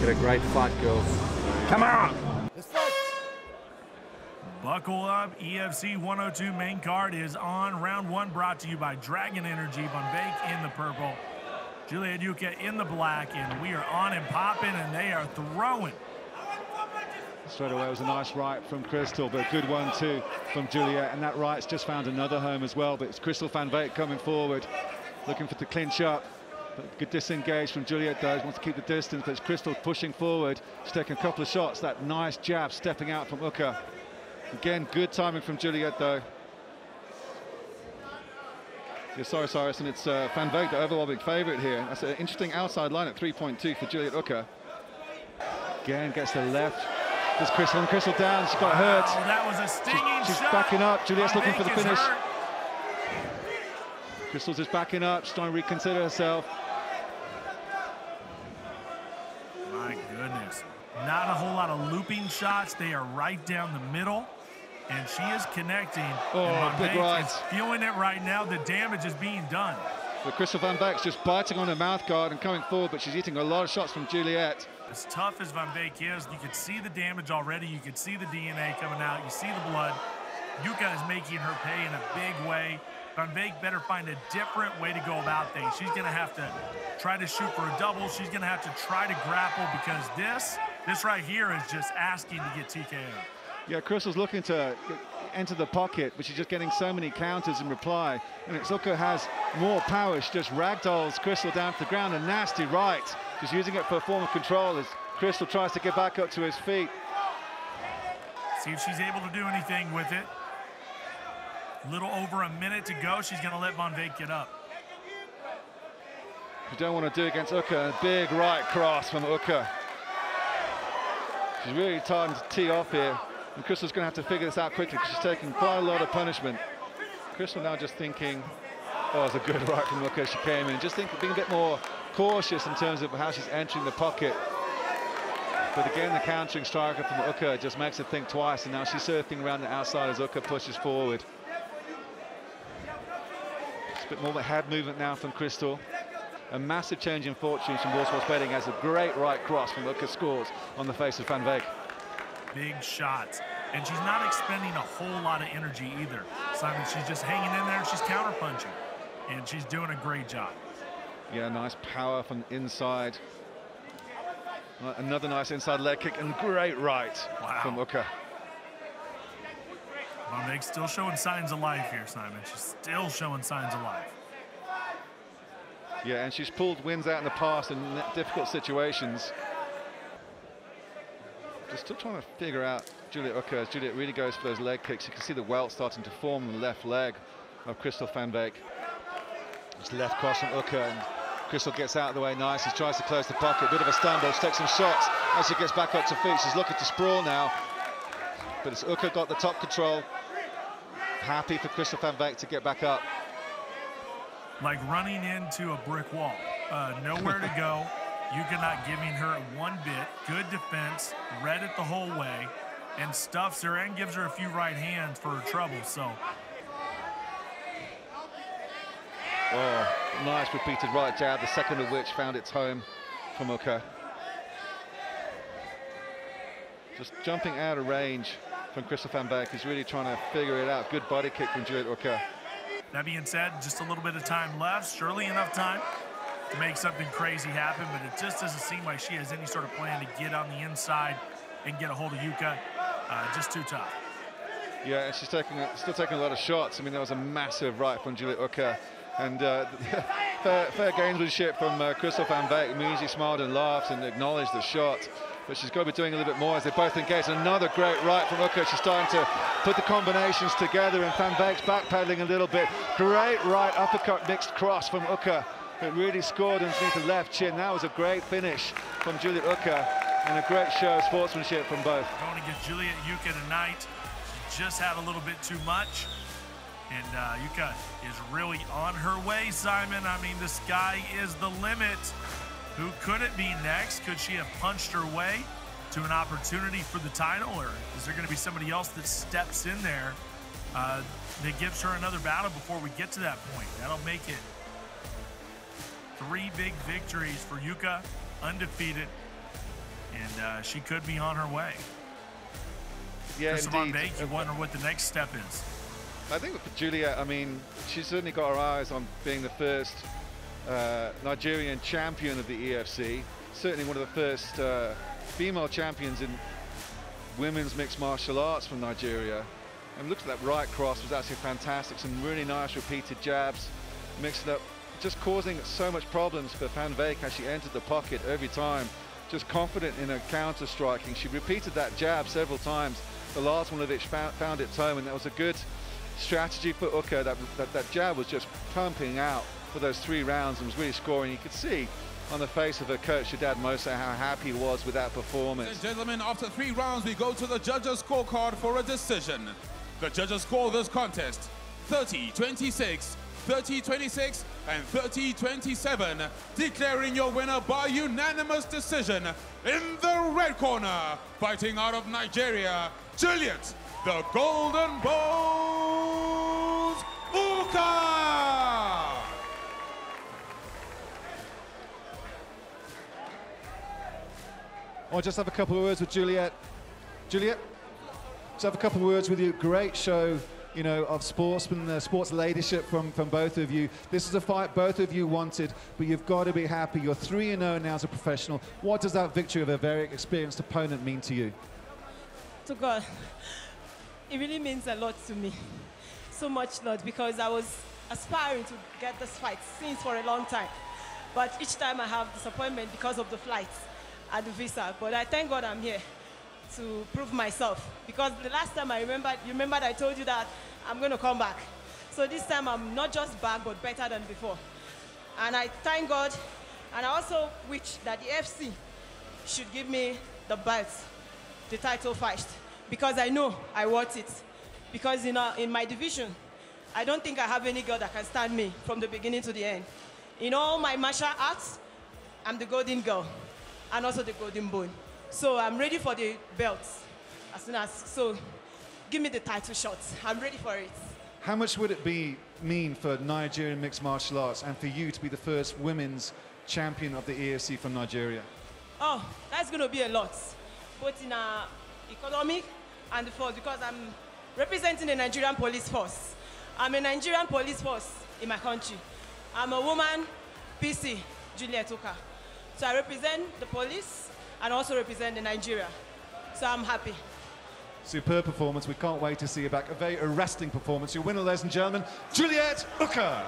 Get a great fight, girls. Come on! Buckle up. EFC 102 main card is on. Round one brought to you by Dragon Energy. Von Vake in the purple. Julia Duca in the black. And we are on and popping, and they are throwing. Straight away, it was a nice right from Crystal, but a good one too from Julia. And that right's just found another home as well. But it's Crystal Van Vake coming forward, looking for the clinch up. Good disengage from Juliet Doge, wants to keep the distance, but it's Crystal pushing forward. She's taking a couple of shots. That nice jab stepping out from Uka. Again, good timing from Juliet though. Yeah, sorry, Cyrus, and it's uh, Van Vogt, the overwhelming favourite here. That's an interesting outside line at 3.2 for Juliet Uka. Again, gets the left. There's Crystal, and Crystal down. She got wow, hurt. Oh, that was a stinging She's, she's backing up. Juliet's looking for the finish. Hurt. Crystals is backing up, she's trying to reconsider herself. My goodness. Not a whole lot of looping shots. They are right down the middle. And she is connecting. Oh, big right. Feeling it right now. The damage is being done. But Crystal Van Beck's just biting on her mouth guard and coming forward, but she's eating a lot of shots from Juliet. As tough as Van is, you can see the damage already. You can see the DNA coming out. You see the blood. Yuka is making her pay in a big way. Van better find a different way to go about things. She's going to have to try to shoot for a double. She's going to have to try to grapple because this, this right here is just asking to get TKO. Yeah, Crystal's looking to enter the pocket, but she's just getting so many counters in reply. And Itzuka has more power. She just ragdolls Crystal down to the ground. A nasty right. Just using it for a form of control as Crystal tries to get back up to his feet. See if she's able to do anything with it. Little over a minute to go. She's going to let Von Vake get up. You don't want to do against Uka. Big right cross from Uka. She's really time to tee off here. And Crystal's going to have to figure this out quickly because she's taking quite a lot of punishment. Crystal now just thinking, oh, it's a good right from Uka. She came in. Just think, being a bit more cautious in terms of how she's entering the pocket. But again, the countering striker from Uka just makes her think twice. And now she's surfing around the outside as Uka pushes forward bit more head movement now from Crystal. A massive change in fortunes from Warsaw's betting as a great right cross from Lucas scores on the face of Van Veek. Big shots. And she's not expending a whole lot of energy either. Simon, she's just hanging in there she's counterpunching. And she's doing a great job. Yeah, nice power from inside. Another nice inside leg kick and great right wow. from Uka. Von still showing signs of life here, Simon. She's still showing signs of life. Yeah, and she's pulled wins out in the past in difficult situations. Just still trying to figure out Juliet Ucker as Juliet really goes for those leg kicks. You can see the welt starting to form on the left leg of Crystal van Beek. It's left cross from Ucker and Crystal gets out of the way nice. He tries to close the pocket. Bit of a stumble. She takes some shots as she gets back up to feet. She's looking to sprawl now. But it's Ucker got the top control. Happy for Christoph van Beck to get back up. Like running into a brick wall. Uh, nowhere to go. You cannot giving her one bit. Good defense, read it the whole way, and stuffs her and gives her a few right hands for her trouble. So. Oh, nice repeated right jab, the second of which found its home from Oka. Just jumping out of range from Christoph Van Beck. He's really trying to figure it out. Good body kick from Juliet Orca. That being said, just a little bit of time left, surely enough time to make something crazy happen, but it just doesn't seem like she has any sort of plan to get on the inside and get a hold of Yuka. Uh, just too tough. Yeah, and she's taking a, still taking a lot of shots. I mean, that was a massive right from Juliet Uka, And uh, fair, fair gamesmanship from uh, Christoph Van Beck. means he smiled and laughed and acknowledged the shot but she's got to be doing a little bit more as they both engage. Another great right from Uka. She's starting to put the combinations together, and Van Beek's backpedaling a little bit. Great right uppercut mixed cross from Uka. It really scored underneath the left chin. That was a great finish from Juliet Uka, and a great show of sportsmanship from both. Going to give Juliet Uka tonight. She just had a little bit too much. And uh, Yuka is really on her way, Simon. I mean, the sky is the limit. Who could it be next? Could she have punched her way to an opportunity for the title, or is there going to be somebody else that steps in there uh, that gives her another battle before we get to that point? That'll make it three big victories for Yuka, undefeated, and uh, she could be on her way. Yeah, for Simone Bank, you uh, wonder what the next step is. I think with Julia, I mean, she's certainly got her eyes on being the first uh, Nigerian champion of the EFC, certainly one of the first uh, female champions in women's mixed martial arts from Nigeria. And looked at that right cross, was actually fantastic, some really nice repeated jabs, mixed up, just causing so much problems for Van Veek as she entered the pocket every time, just confident in her counter-striking. She repeated that jab several times, the last one of it found its home, and that was a good strategy for Uka. That, that, that jab was just pumping out for those three rounds and was really scoring. You could see on the face of her coach, Shadad Mosa, how happy he was with that performance. and gentlemen, after three rounds, we go to the judges' scorecard for a decision. The judges score this contest 30-26, 30-26, and 30-27, declaring your winner by unanimous decision in the red corner, fighting out of Nigeria, Juliet, the Golden Balls, Uka! i oh, just have a couple of words with Juliet. Juliet, just have a couple of words with you. Great show, you know, of sportsman, uh, sports leadership from, from both of you. This is a fight both of you wanted, but you've got to be happy. You're 3 0 now as a professional. What does that victory of a very experienced opponent mean to you? To God, it really means a lot to me. So much, Lord, because I was aspiring to get this fight since for a long time. But each time I have disappointment because of the flights at the visa. But I thank God I'm here to prove myself. Because the last time I remember, you I told you that I'm going to come back. So this time I'm not just back, but better than before. And I thank God, and I also wish that the FC should give me the belt, the title first, because I know I want it. Because in, our, uh, in my division, I don't think I have any girl that can stand me from the beginning to the end. In all my martial arts, I'm the golden girl and also the golden bone. So I'm ready for the belts as soon as, so give me the title shot. I'm ready for it. How much would it be mean for Nigerian mixed martial arts and for you to be the first women's champion of the EFC from Nigeria? Oh, that's going to be a lot, both in our uh, economic and force, because I'm representing the Nigerian police force. I'm a Nigerian police force in my country. I'm a woman, PC, Juliet Oka. So I represent the police and also represent the Nigeria. So I'm happy. Superb performance. We can't wait to see you back. A very arresting performance. Your winner, ladies and gentlemen, Juliet Ucker.